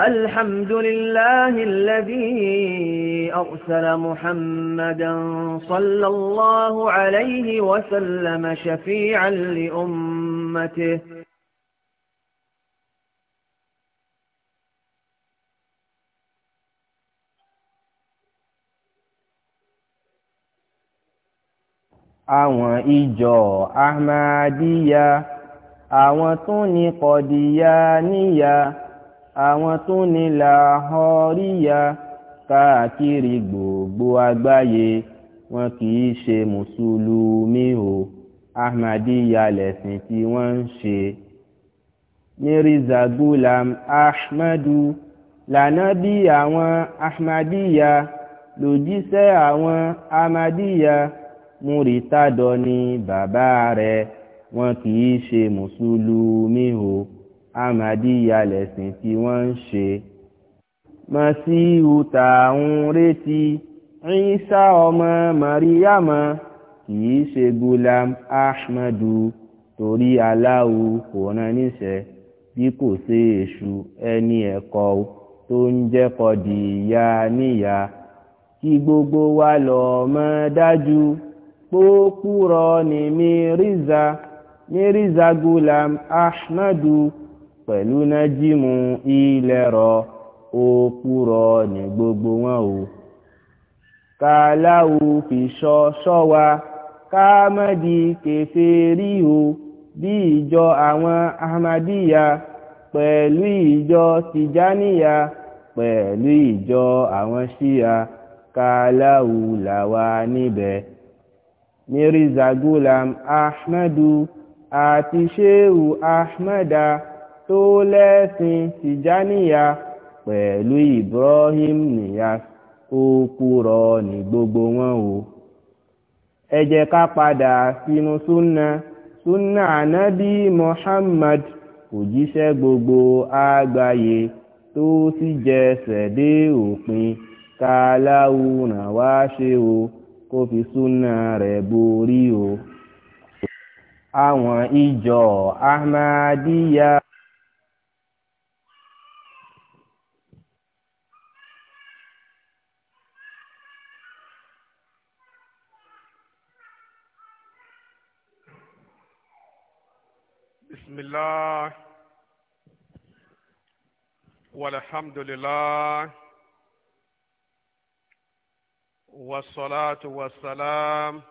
الحمد لله الذي أرسل محمدا صلى الله عليه وسلم شفيعا لأمته àwọn ìjọ ahmadiyya àwọn tó ní kọdíyà níyà àwọn tó ní làhọ́ríyà káàkiri gbogbo àgbáyé wọn kì í ṣe mùsùlùmí o ahmadiyya lẹ̀sìn tí wọ́n ń ṣe. mirza gulam ahmadu lànábì àwọn ahmadiyya lòjíṣẹ́ àwọn ahmadiyya múrítàdọ́ ni bàbá rẹ̀ wọn kì í ṣe mùsùlùmí o. Ahmadiyya lẹ̀sìn tí wọ́n ń ṣe. Masihu tá ń retí Ìsá ọmọ Màríyàmá kìí ṣe Gulam Ahmadu torí Allahu kò rán níṣẹ́ bí kò ṣe èṣù ẹni ẹ̀kọ́ tó ń jẹ́kọ̀ di ìyá níyà kí gbogbo wa lọ mọ̀ dájú pókúrọ ní Mírízà Mírízà Ahmadu pẹ̀lú nájímù ilẹ̀rọ òpùrọ̀ ní gbogbo wọn o kàláwù fi ṣọ́ ṣọ́ wa káàmọ́dì kèfèrí o bí ìjọ àwọn ahmadiyya pẹ̀lú ìjọ tijaniya pẹ̀lú ìjọ àwọn ṣíya kàláwù làwa níbẹ̀ mirza gulam ahmadu àti sheu ahmada. tó lẹ́sìn tìjáníyà pẹ̀lú ibrahim níyà ó kúrọ ní gbogbo wọn o ẹjẹ ká padà sínú súnà súnà ànábì muhammad òjíṣẹ́ gbogbo àgbáyé tó sì jẹsẹ̀ dé òpin ká ràn wá ṣe o kó fi súnà rẹ̀ borí o àwọn ìjọ ahmadiyya. بسم الله والحمد لله والصلاة والسلام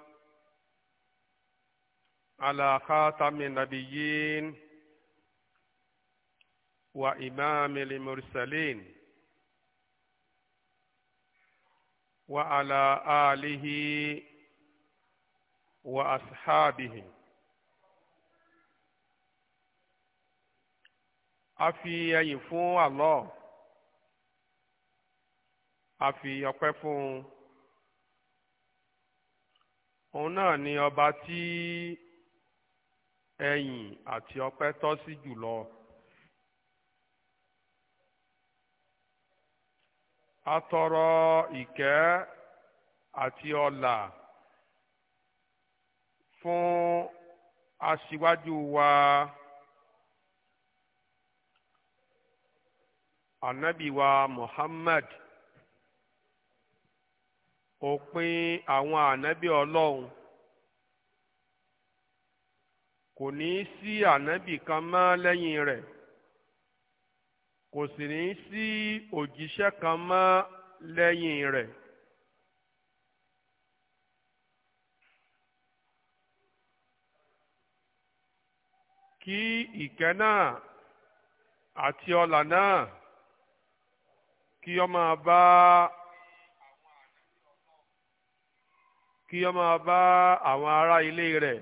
على خاتم النبيين وإمام المرسلين وعلى آله وأصحابه a fi ẹyìn fún Allah a fi ọpẹ́ fún un òun náà ni ọba tí ẹyìn àti ọpẹ́ tọ́ sí jùlọ a tọrọ ìkẹ́ àti ọlà fún aṣíwájú wa. ànábì wa Muhammad òpin àwọn ànábì ọlọ́run kò ní í sí ànábì kan mọ́ lẹ́yìn rẹ̀ kò sì ní í sí òjíṣẹ́ kan mọ́ lẹ́yìn rẹ̀. kí ìkẹ́ náà àti ọlà náà kí ọ máa bá kí máa bá àwọn ará ilé rẹ̀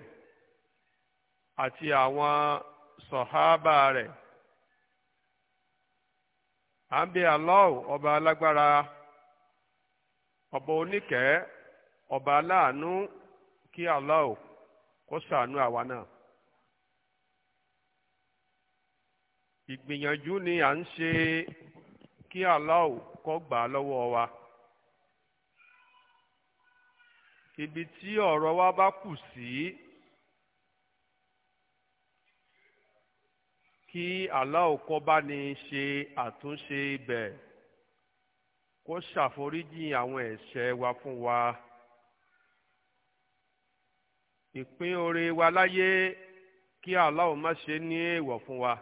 àti àwọn sọ̀hábà rẹ̀ à ń bẹ Allah ọba alágbára ọba oníkẹ́ ọba aláàánú kí Allah kó ṣàánú àwa náà. ìgbìyànjú ni à ń ṣe kí Allah kó gbà á lọ́wọ́ wa ibi tí ọ̀rọ̀ wa bá kù sí kí Allah kó bá ní ṣe àtúnṣe ibẹ̀ kó ṣàforíjì àwọn ẹ̀ṣẹ̀ wa fún wa ìpín oore wa láyé kí Allah má ṣe ní èèwọ̀ fún wa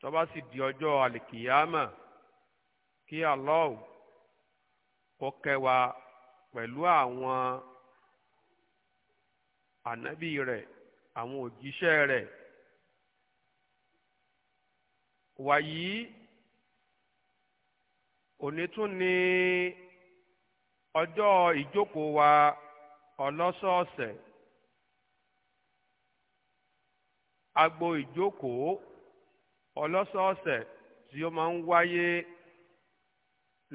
tó bá sì di ọjọ́ àlìkìyámà kí Allah kó kẹwa pẹ̀lú àwọn ànábì rẹ̀ àwọn òjíṣẹ́ rẹ̀ wàyí òní ọjọ́ ìjókòó wa ọlọ́sọ̀ọ̀sẹ̀ agbo ìjókòó ọlọ́sọ̀ọ̀sẹ̀ tí ó máa ń wáyé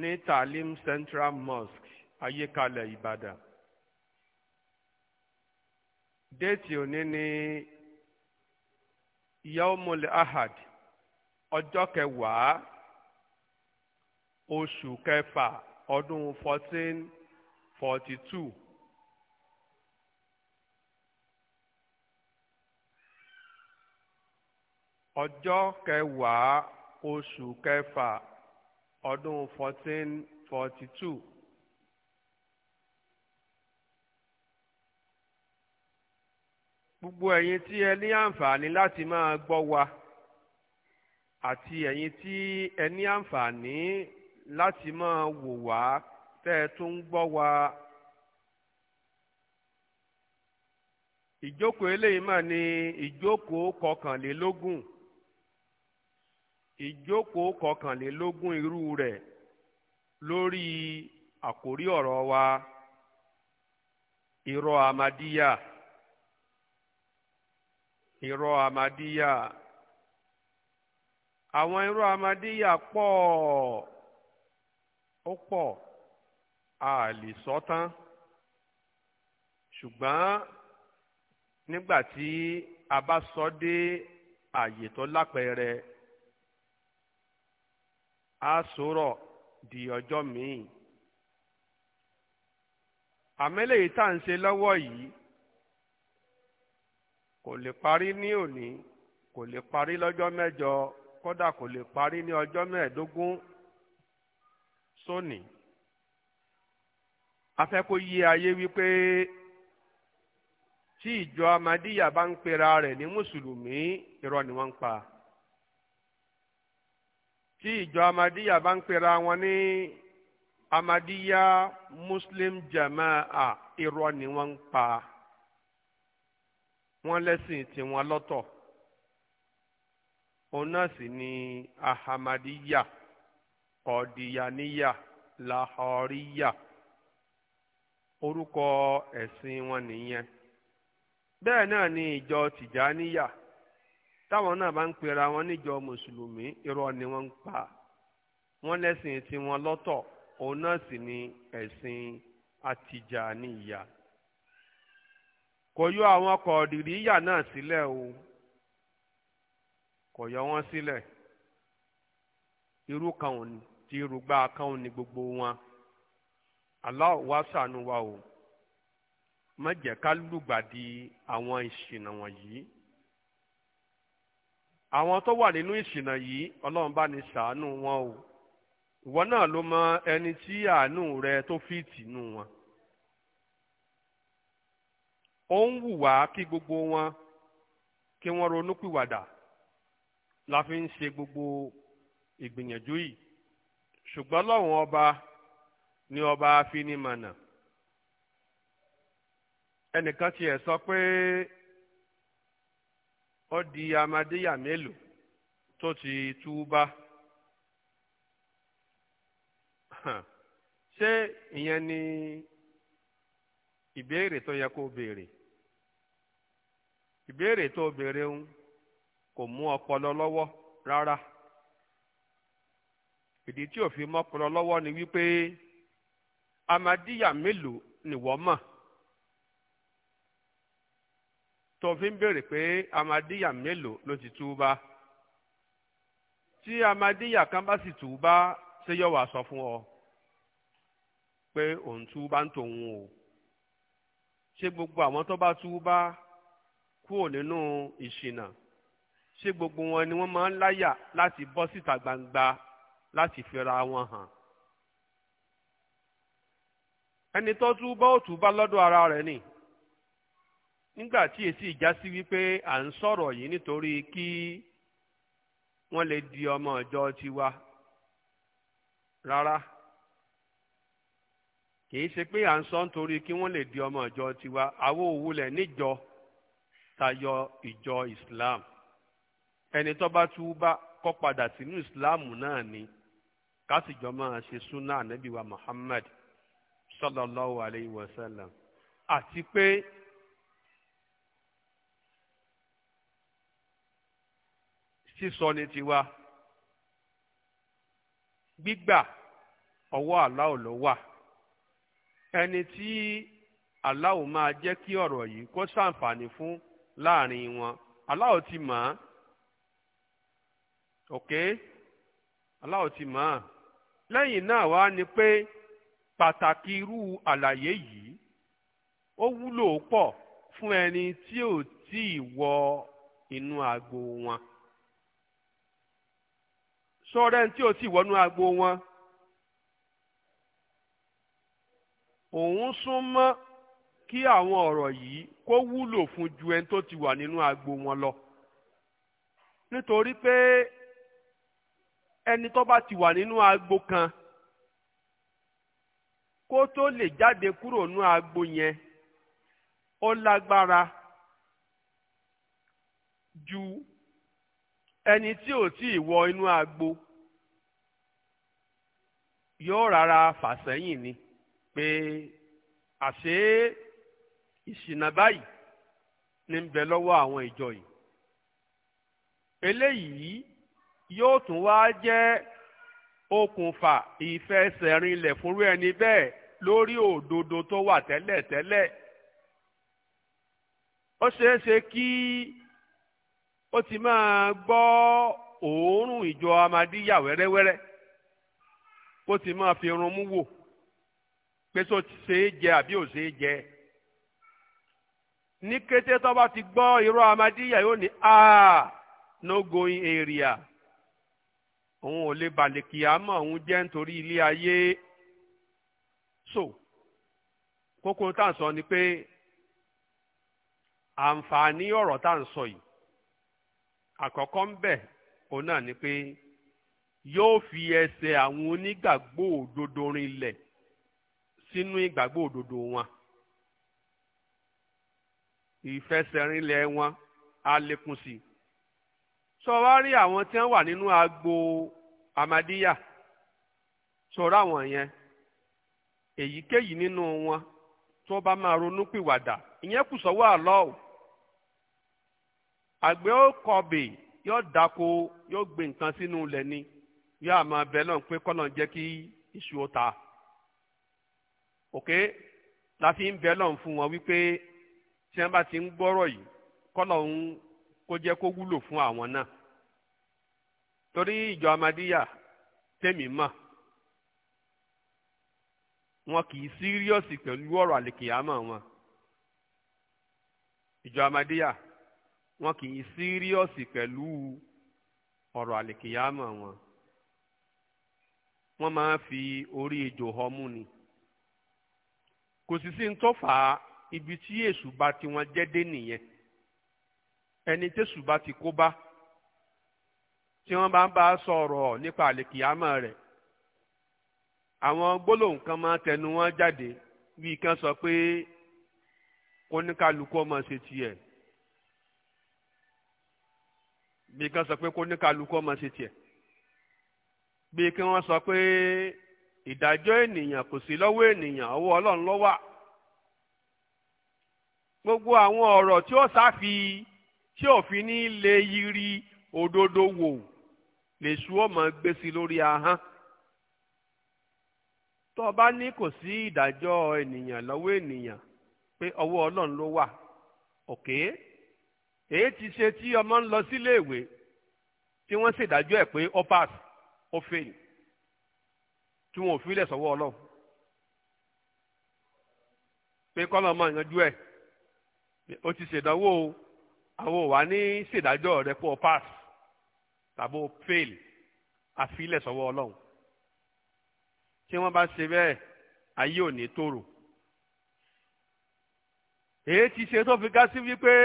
ní Talim Central Mosque ayékalẹ̀ Ìbàdàn déètì òní ni yaumul ahad ọjọ́ kẹwàá oṣù kẹfà ọdún fourteen forty two. ọjọ́ kẹwàá oṣù kẹfà ọdún fourteen forty two. gbogbo ẹ̀yin tí ẹ ní àǹfààní láti máa gbọ́ wa àti ẹ̀yin tí ẹ ní àǹfààní láti máa wò wá tẹ́ ẹ tún gbọ́ wa. ìjókòó eléyìí mà ní ìjókòó kọkànlélógún. ìjókòó kọkànlélógún irú rẹ̀ lórí àkórí ọ̀rọ̀ wa irọ amadíyà irọ amadíyà àwọn irọ amadíyà pọ̀ ó pọ̀ a lè sọ tán ṣùgbọ́n nígbà tí a bá sọ dé àyè tó lápẹẹrẹ á sòrọ̀ di ọjọ́ míì àmẹ́lẹ̀ yìí tá à ń ṣe lọ́wọ́ yìí kò lè parí ní òní kò lè parí lọ́jọ́ mẹ́jọ kódà kò lè parí ní ọjọ́ mẹ́ẹ̀ẹ́dógún sóní afẹ́ kó yí ayé wípé tí ìjọ amadíyà bá ń pera rẹ̀ ní mùsùlùmí irọ́ ni wọ́n ń pa. tí ìjọ amadíyà bá ń pera wọn ní amadíyà muslim jamaa irọ́ ni wọ́n ń pa wọ́n lẹ́sìn tiwọn lọ́tọ̀ òun náà sì ni ahamadiya kọdiyaniya lahoriya orúkọ ẹ̀sìn wọn nìyẹn bẹ́ẹ̀ náà ni ìjọ tìjàníyà. táwọn náà bá ń pera wọn níjọ mùsùlùmí irọ́ ni wọ́n ń pa wọ́n lẹ́sìn tiwọn lọ́tọ̀ òun náà sì ni ẹ̀sìn àtìjàníyà kò yọ àwọn kọ̀ọ̀dìríyà náà sílẹ̀ o kò yọ wọ́n sílẹ̀ irú kan òní tí irúgbà kan ní gbogbo wọn Allah wá ṣàánú wa o má lùgbàdì àwọn ìṣìnà wọ̀nyí. àwọn tó wà nínú ìṣìnà yìí ọlọ́run bá ní ṣàánú wọn o ìwọ náà ló mọ ẹni tí àánú rẹ tó fìtì nù wọn. ó ń wù wá kí gbogbo wọn kí wọ́n ronúpìwàdà la fi ń ṣe gbogbo ìgbìyànjú yìí ṣùgbọ́n ọlọ́run ọba ni ọba afinimọ̀nà ẹnìkan tiẹ̀ sọ pé. o di Amadiya melo tó ti túbá ṣé ìyẹn ni ìbéèrè tó yẹ kó béèrè ìbéèrè tó béèrè ń kò mú ọpọlọ lọwọ rárá ìdí tí ò fi mọ́pọlọ lọwọ ni wípé melo ni nìwọ mọ̀. tó fi ń béèrè pé amadíyà mélòó ló ti túbá tí amadíyà kan bá sì túbá ṣé yóò wá sọ fún ọ pé òun túbá ń tòun o ṣé gbogbo àwọn tó bá túbá kúrò nínú ìṣìnà ṣé gbogbo wọn ni wọ́n máa ń láyà láti bọ́ síta gbangba láti fira wọn hàn ẹni tó túbá ó túbá lọ́dọ̀ ara rẹ̀ ni. nígbà tí èsì ìjà sí wípé à ń sọ̀rọ̀ yìí nítorí kí wọ́n lè di ọmọ ìjọ tiwa rárá kìí ṣe pé à ń sọ nítorí kí wọ́n lè di ọmọ ìjọ tiwa àwọn òwúlẹ̀ níjọ tayọ ìjọ Islam ẹni tó bá túbá kọ́ padà sínú Islam náà ni ká sì jọ máa ṣe súnà ànábì wa Muhammad sallallahu alayhi wa sallam àti pé. sísọ ní tiwa gbígbà ọwọ́ aláwo ló wà ẹni tí aláwo máa jẹ́ kí ọ̀rọ̀ yìí kó ṣàǹfààní fún láàrin wọn aláwo ti mọ̀ ọ́n òkè aláwo ti mọ̀ ọ́n lẹ́yìn náà wá ni pé pàtàkì irú àlàyé yìí ó wúlò pọ̀ fún ẹni tí ò tí ì wọ inú agbo wọn sọ́ọ́rẹ́ tí o ti wọnú agbo wọn òun sún mọ́ kí àwọn ọ̀rọ̀ yìí kó wúlò fún ju ẹni tó ti wà nínú agbo wọn lọ nítorí pé ẹni tó bá ti wà nínú agbo kan kó tó lè jáde kúrò nínú agbo yẹn ó lágbára ju ẹni tí ò tí ì wọ inú agbo yóò rárá fà sẹ́yìn ni pé àṣé ìṣìnà báyìí ní ń bẹ lọ́wọ́ àwọn ìjọ yìí eléyìí yóò tún wá jẹ́ okùnfà ìfẹsẹ̀rinlẹ̀ fúnrú ẹni bẹ́ẹ̀ lórí òdodo tó wà tẹ́lẹ̀tẹ́lẹ̀ ó ṣeé ṣe kí ó ti máa gbọ́ òórùn ìjọ amadíyà wẹ́rẹ́wẹ́rẹ́ kó ti máa fi irun mú wò pé sọ ṣe é jẹ àbí ò ṣe é jẹ ní kété tó bá ti gbọ́ irọ́ amadíyà yóò ní a no going area òun ò lè balẹ̀ kìámọ̀ òun jẹ́ nítorí ilé ayé so kókó tá à ń sọ ni pé àǹfààní ọ̀rọ̀ tá à ń sọ yìí àkọ́kọ́ ń bẹ̀ òun náà ni pé yóò fi ẹsẹ̀ àwọn onígbàgbọ́ òdodo rinlẹ̀ sínú ìgbàgbọ́ òdodo wọn ìfẹsẹ̀rinlẹ̀ wọn á lékún sí i sọ̀rọ̀ rí àwọn tí wọ́n wà nínú agbo amadiya sọ̀rọ̀ àwọn yẹn èyíkéyìí nínú wọn tó bá máa ronú pìwàdà ìyẹn kù sọ́wọ́ àlọ́ ò àgbẹ̀ ó kọ̀bì yóò dako yóò gbé nǹkan sínú ni yóò àmọ́ bẹ́ẹ̀ náà pé kọ́nà jẹ́ kí iṣu ó ta ok la fi ń bẹ́ẹ̀ wọn wípé tí wọ́n bá ti ń gbọ́rọ̀ yìí kọ́nà ń kó jẹ́ kó wúlò fún àwọn náà torí ìjọ amadíyà tèmi wọn kì í síríọ̀sì pẹ̀lú ọ̀rọ̀ àlèkèyàmọ̀ wọn ìjọ amadíyà wọn kì í síríọ̀sì pẹ̀lú ọ̀rọ̀ àlìkìyàmọ̀ wọn wọ́n máa fi orí ejò họmú ni kò sì sí ń ibi tí èṣù bá ti wọn jẹ́ dé nìyẹn ẹni tẹ́ṣù bá ti kó bá tí wọ́n bá ń bá sọ̀rọ̀ nípa àlìkìyàmọ̀ rẹ̀ àwọn gbólóhùn kan máa tẹnu wọn jáde bí kan sọ pé oníkálukú ọmọ ṣe tiẹ̀ bí kan sọ pé kó ní kálukú ọmọ ṣe tiẹ̀ bí kí wọ́n sọ pé ìdájọ́ ènìyàn kò sí lọ́wọ́ ènìyàn ọwọ́ ọlọ́run ló wà gbogbo àwọn ọ̀rọ̀ tí ó sáfi tí òfin ní lè yiri òdodo wò lè sú ọmọ gbé sí lórí ahọ́n tó bá ní kò sí ìdájọ́ ènìyàn lọ́wọ́ ènìyàn pé ọwọ́ ọlọ́run ló wà òkè. Okay? èyí ti ṣe tí ọmọ ń lọ síléèwé tí wọ́n ṣèdájọ́ ẹ̀ pé ó pass ó fail tí wọn ò filẹ̀ sọ́wọ́ ọlọ́run pé kọ́lọ́ ọmọ ìyanjú ẹ̀ ó ti ṣèdánwò àwọn ò wá ní ṣèdájọ́ rẹ̀ pé ó pass tàbí ó fail àfilẹ̀ sọ́wọ́ ọlọ́run tí wọ́n bá ṣe bẹ́ẹ̀ ayé ò ní tòrò èyí ti ṣe tó fi gá sí wípé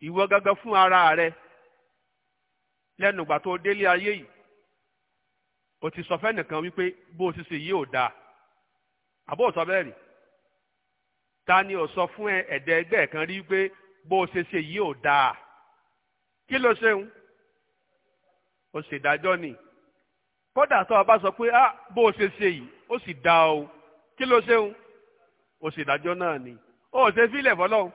ìwọ gangan fún ara rẹ lẹ́nu ìgbà tó délé ayé yìí o ti sọ fẹ́nìkan wípé bó o ti ṣe yìí ò dáa àbó ò sọ bẹ́ẹ̀ rí ta ni ò sọ fún ẹ̀dẹ̀ ẹgbẹ́ kan rí pé bó o ṣe ṣe yìí ò dáa kí ló ṣeun o ṣèdájọ́ ni kódà tó o bá sọ pé ah bó o ṣe ṣe yìí ó sì dáa o kí ló ṣeun o ṣèdájọ́ náà ni o ò ṣe fílẹ̀ fọlọ́hún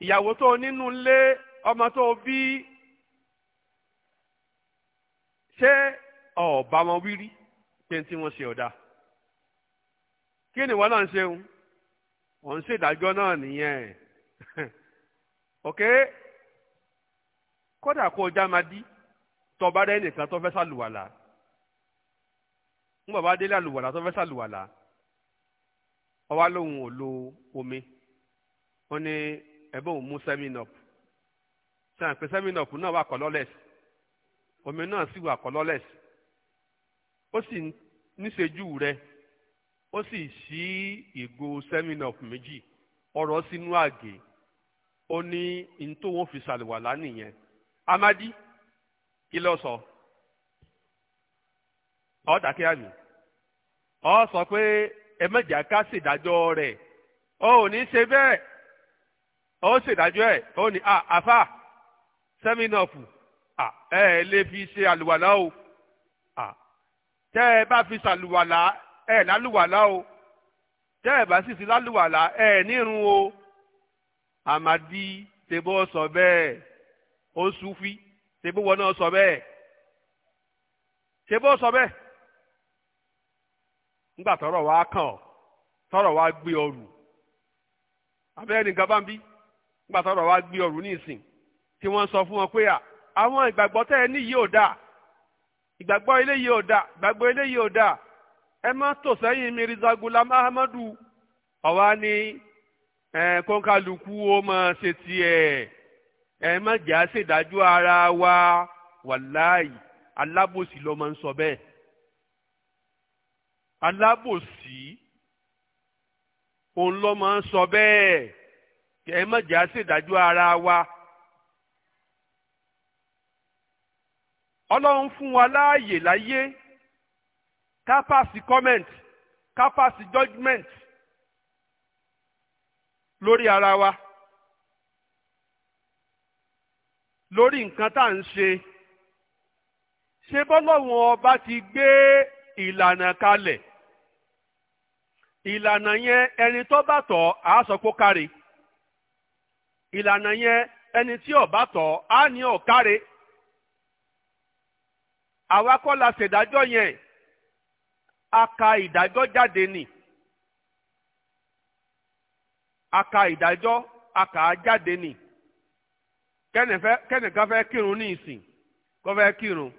ìyàwó tó nínú ilé ọmọ tó bí ṣé ọ̀ọ́bá wọn wí rí pé tí wọ́n ṣe ọ̀dà kí ni wọ́n náà ń ṣeun wọ́n ń ṣèdájọ́ náà nìyẹn ok kódà kó o já máa dí tọba rẹ nìkan tó fẹ́ sàlùwàlà ń bàbá délé àlùwàlà tó fẹ́ sàlùwàlà ọwá lòun ò lo omi wọ́n ní ẹ bó ń mú seminop sàn pé seminop náà wà colorless omi náà sì wà colorless ó sì níṣejú rẹ ó sì ṣí ìgò seminop méjì ọ̀rọ̀ sínú àgè ó ní ní fi ṣàlùwàlá nìyẹn amadi kí ló sọ ọ dàkẹ́ àmì ọ sọ pé ẹ mẹ́jà ká ṣèdájọ́ rẹ̀ ọ ò ní ṣe bẹ́ẹ̀ ó ṣèdájọ́ ẹ̀ ó ní àfà sẹ́mínọ̀fù ẹ ẹ lè fi ṣe àlùwàlá o tẹ́ ẹ bá fi ṣàlùwàlá ẹ lálùwàlá o tẹ́ ẹ bá sì sí lálùwàlá ẹ nírun o àmàdí tèbó sọ bẹ́ẹ̀ ó súfí tèbó wọn náà sọ bẹ́ẹ̀ tèbó sọ bẹ́ẹ̀ nígbà tọ́rọ̀ wá kàn ọ́ tọ́rọ̀ wá gbé ọrù abẹ́rẹ́ nìkan bá ń bí nígbà tọrọ wa gbé ọrùn ní ìsìn tí wọ́n sọ fún wọn pé àwọn ìgbàgbọ́ tẹ́ ẹ ní yìí ò dáa ìgbàgbọ́ ilé yìí ò dáa ìgbàgbọ́ ilé yìí ò dáa ẹ má tò sẹ́yìn Mirza Gulam Ahmadu ọ̀wá ni kọ́ńkálukú ó máa ṣe tiẹ̀ ẹ má jà ṣèdájọ́ ara wa wàláì alábòsí ló máa ń sọ bẹ́ẹ̀ alábòsí òun ló máa ń sọ bẹ́ẹ̀. ẹ má jà ara wa ọlọ́run fún wa láàyè láyé ká pàṣẹ comment ká judgement lórí ara wa lórí nǹkan tá à ń ṣe ṣé bọ́lọ́run ọba ti gbé ìlànà kalẹ̀ ìlànà yẹn ẹni tó bàtọ̀ tọ̀ á ìlànà yẹn ẹni tí ọba tọ̀ á ní ọ̀káre àwa kọ́ la ṣèdájọ́ yẹn a ka ìdájọ́ jáde nì a ka ìdájọ́ a kà á jáde nì kẹ́nìkan fẹ́ kírun ní ìsìn kọ́ fẹ́ kírun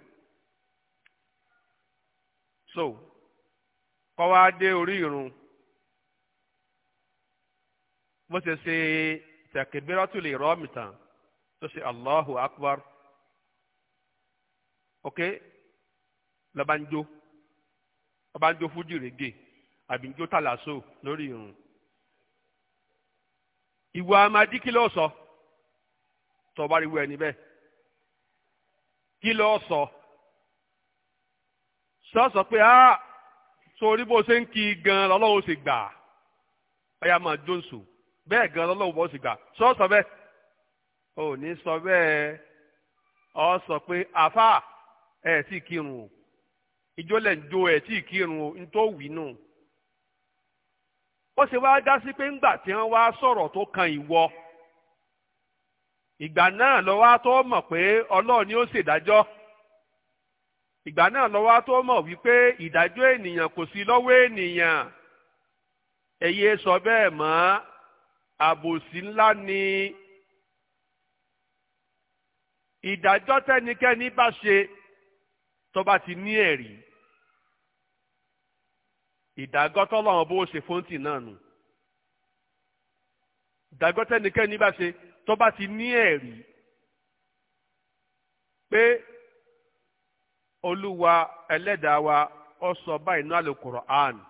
so kó wá dé orí ìrun bó ṣe ṣe. tẹ̀kẹ̀bẹ́rọ́tù lè rọ́ mi tán tó allahu akbar ok lọ́ba ń jó ọba ń jó fújì règè àbí ń jó tàlàsó lórí irun ìwà amadi kí ló sọ sọ pé a so bó ṣe ń kí gan lọ́lọ́run ṣe gbà ọ̀yà máa jó bẹ́ẹ̀ gan lọ́lọ́wọ́ bọ́ sì gbà sọ sọ bẹ́ẹ̀ ò ní sọ bẹ́ẹ̀ ọ sọ pé àfa ẹ̀ sì kírun o ìjọlẹ̀ ń jó ẹ̀ tí kírun o ń tó wí nù. ó ṣe wáá dá sí pé ńgbà tí wọ́n wá sọ̀rọ̀ tó kan ìwọ. ìgbà náà lọ wá tó mọ̀ pé ọlọ́run ni ó ṣèdájọ́. ìgbà náà lọ wá tó mọ̀ wípé ìdájọ́ ènìyàn kò sí lọ́wọ́ ènìyàn. ẹ sọ bẹ́ẹ̀ mọ́ àbòsí ńlá ni ìdájọ́ tẹ́nikẹ́ni bá ṣe tó bá ti ní ẹ̀rí ìdágọ́ tọ́lọ́run bó ṣe fóńtì náà nù ìdágọ́ tẹ́nikẹ́ni bá ṣe tó bá ti ní ẹ̀rí pé olúwa ẹlẹ́dàá wa ó sọ báyìí náà lè Kùránì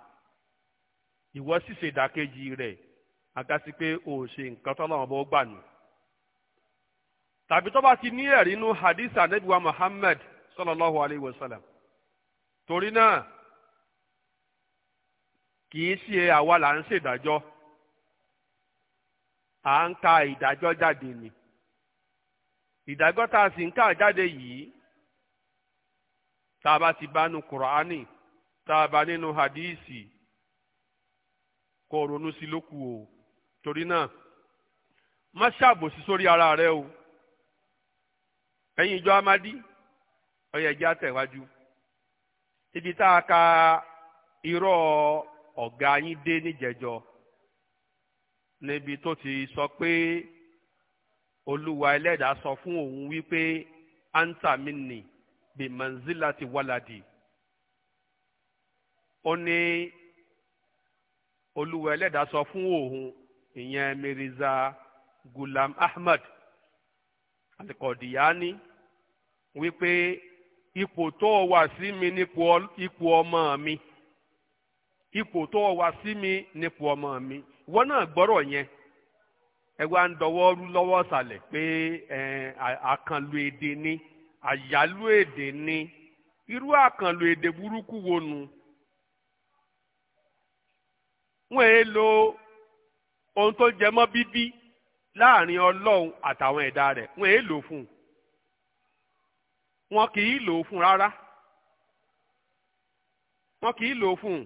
ìwọ sì ṣe ìdàkejì rẹ̀ àgásí pé o ò ṣe nǹkan tọ́lọ́run bó gbà nù tàbí tó bá ti ní ẹ̀rí inú hadith anabiwa muhammad sallallahu alayhi wa sallam torí náà kì í ṣe àwa là ń ṣèdájọ́ à ń ka ìdájọ́ jáde ni ìdájọ́ tá a sì ń kà jáde yìí tá a bá ti bá nu kùránì tá a bá nínú hadíìsì kó ronú sí lókù o. torí náà má ṣàbòsí sórí ara rẹ o ẹ̀yin ìjọ amadi ọyẹ ẹjẹ àtẹwájú ibi tá a ka irọ́ ọ̀gá yín dé níjẹjọ níbi tó ti sọ pé olúwa ẹlẹ́dàá sọ fún òun wípé antamini bi manzilati waladi ó ní olúwa ẹlẹ́dàá sọ fún òun ìyẹn mirza gulam ahmed alikọdiyani wípé ipò tó wà sí mi nípò ọmọ mi ipò tó wà sí mi nípò ọmọ mi wọn náà gbọ́rọ̀ yẹn ẹ wá ń dọwọ́ rú lọ́wọ́ sàlẹ̀ pé àkànlò èdè ni àyálò èdè ni irú àkànlò èdè burúkú wo nu wọn è lo ohun tó jẹ mọ́ bíbí láàrin ọlọ́run àtàwọn ẹ̀dá rẹ̀ wọ́n èé lò fún un wọ́n kì í lò fún rárá wọ́n kì í lò fún